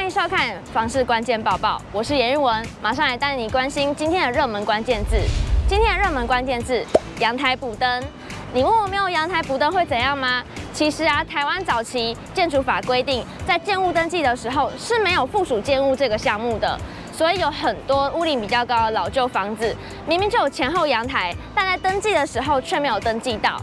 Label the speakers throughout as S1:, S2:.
S1: 歡迎收看房市關鍵報報，我是嚴玉文，馬上來帶你關心今天的熱門關鍵字。今天的熱門關鍵字，陽台補登。你問我沒有陽台補登會怎樣嗎？其實啊，台灣早期建築法規定，在建物登記的時候是沒有附屬建物這個項目的，所以有很多屋齡比較高的老舊房子，明明就有前後陽台，但在登記的時候卻沒有登記到。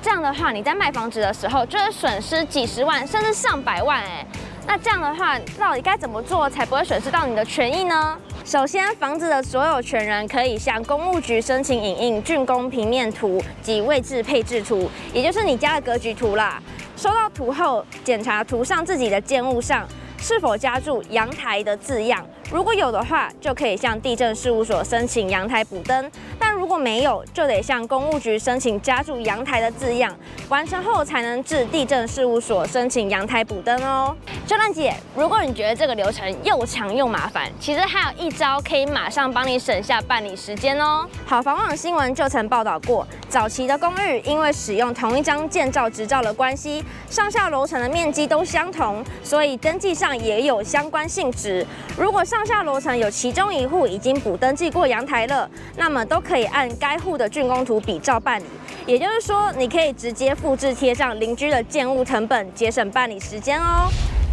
S1: 這樣的話，你在賣房子的時候就會損失幾十萬，甚至上百萬哎。那這樣的話，到底該怎麼做才不會損失到你的權益呢？首先，房子的所有權人可以向公務局申請影印竣工平面圖及位置配置圖，也就是你家的格局圖啦。收到圖後，檢查圖上自己的建物上是否加注陽台的字樣。如果有的話，就可以向地政事務所申請陽台補登；但如果沒有，就得向公務局申請加注“陽台”的字樣，完成後才能至地政事務所申請陽台補登哦。秋蘭姐，如果你覺得這個流程又長又麻煩，其實還有一招可以馬上幫你省下辦理時間哦。好房網新聞就曾報道過，早期的公寓因為使用同一張建造執照的關係，上下樓層的面積都相同，所以登記上也有相關性質。如果上上下樓層有其中一戶已經補登記過陽台了，那麼都可以按該戶的竣工圖比照辦理。也就是說，你可以直接複製貼上鄰居的建物成本，節省辦理時間哦。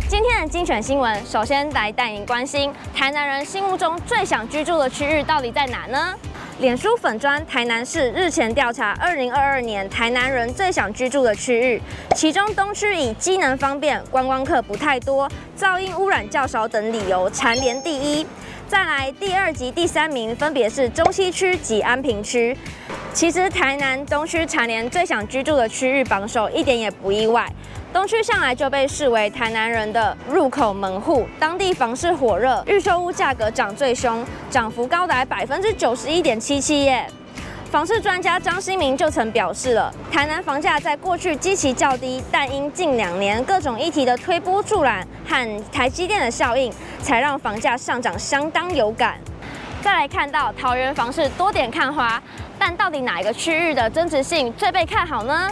S1: 今天的精選新聞，首先來帶您關心台南人心目中最想居住的區域到底在哪呢？臉書粉專台南市日前調查，二零二二年台南人最想居住的區域，其中東區以機能方便、觀光客不太多、噪音污染較少等理由蟬聯第一。再來第二及第三名分別是中西區及安平區。其實台南東區蟬聯最想居住的區域榜首一點也不意外。東區向來就被視為台南人的入口門戶，當地房市火熱，預售屋價格漲最兇，漲幅高達百分之九十一點七七耶。房市專家張新明就曾表示了，台南房價在過去基期較低，但因近兩年各種議題的推波助瀾和台積電的效應，才讓房價上漲相當有感。再來看到桃園房市多點看花，但到底哪一個區域的增值性最被看好呢？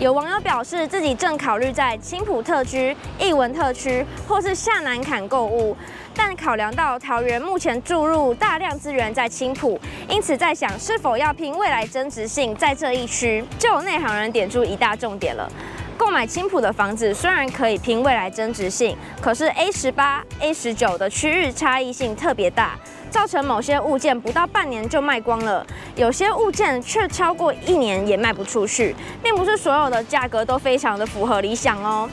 S1: 有網友表示，自己正考慮在青埔特區、藝文特區或是下南崁購物，但考量到桃園目前注入大量資源在青埔，因此在想是否要拼未來增值性在這一區。就有內行人點出一大重點了：購買青埔的房子雖然可以拼未來增值性，可是 A 十八、A 十九的區域差異性特別大。造成某些物件不到半年就賣光了，有些物件卻超過一年也賣不出去，並不是所有的價格都非常的符合理想哦。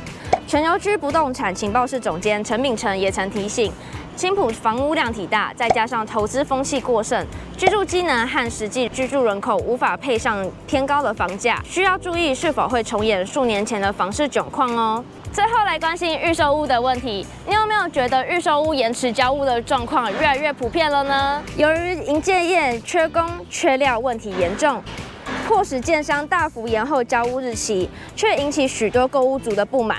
S1: 全球居不動產情報室總監陳炳辰也曾提醒，青埔房屋量體大，再加上投資風氣過剩，居住機能和實際居住人口無法配上偏高的房價，需要注意是否會重演數年前的房市窘況哦。最後來關心預售屋的問題，你有沒有覺得預售屋延遲交屋的狀況越來越普遍了呢？由於營建業缺工缺料問題嚴重，迫使建商大幅延後交屋日期，卻引起許多購屋族的不滿。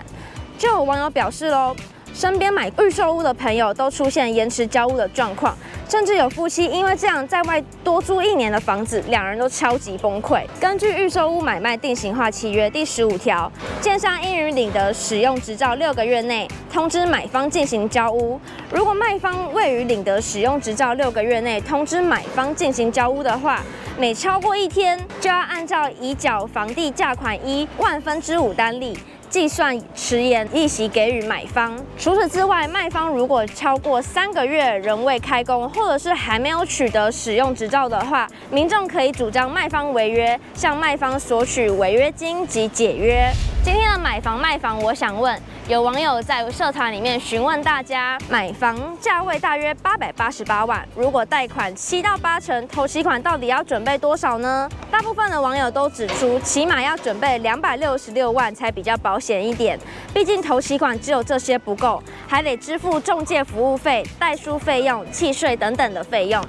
S1: 就有網友表示嘍，身邊買預售屋的朋友都出現延遲交屋的狀況。甚至有夫妻因為這樣在外多租一年的房子，兩人都超級崩潰。根據預售屋買賣定型化契約第十五條，建商應於領得使用執照六個月內通知買方進行交屋。如果賣方未於領得使用執照六個月內通知買方進行交屋的話，每超過一天就要按照已繳房地價款一萬分之五單利計算遲延利息給予買方。除此之外，賣方如果超過三個月仍未開工，或者是還沒有取得使用執照的話，民眾可以主張賣方違約，向賣方索取違約金及解約。今天的買房賣房，我想問，有網友在社團裡面詢問大家，買房價位大約八百八十八萬，如果貸款七到八成，頭期款到底要準備多少呢？大部分的網友都指出，起碼要準備兩百六十六萬才比較保險一點，畢竟頭期款只有這些不夠，還得支付中介服務費、代書費用、契稅等等的費用。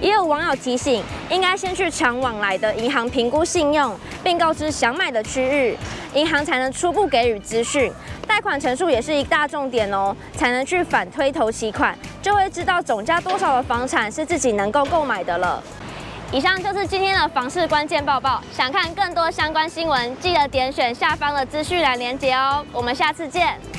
S1: 也有網友提醒，應該先去常往來的銀行評估信用，並告知想買的區域，銀行才能初步給予資訊。貸款成數也是一大重點哦，才能去反推頭期款，就會知道總價多少的房產是自己能夠購買的了。以上就是今天的房市關鍵報報，想看更多相關新聞，記得點選下方的資訊欄連接哦。我們下次見。